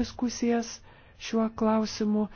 diskusijas šiuo klausimu.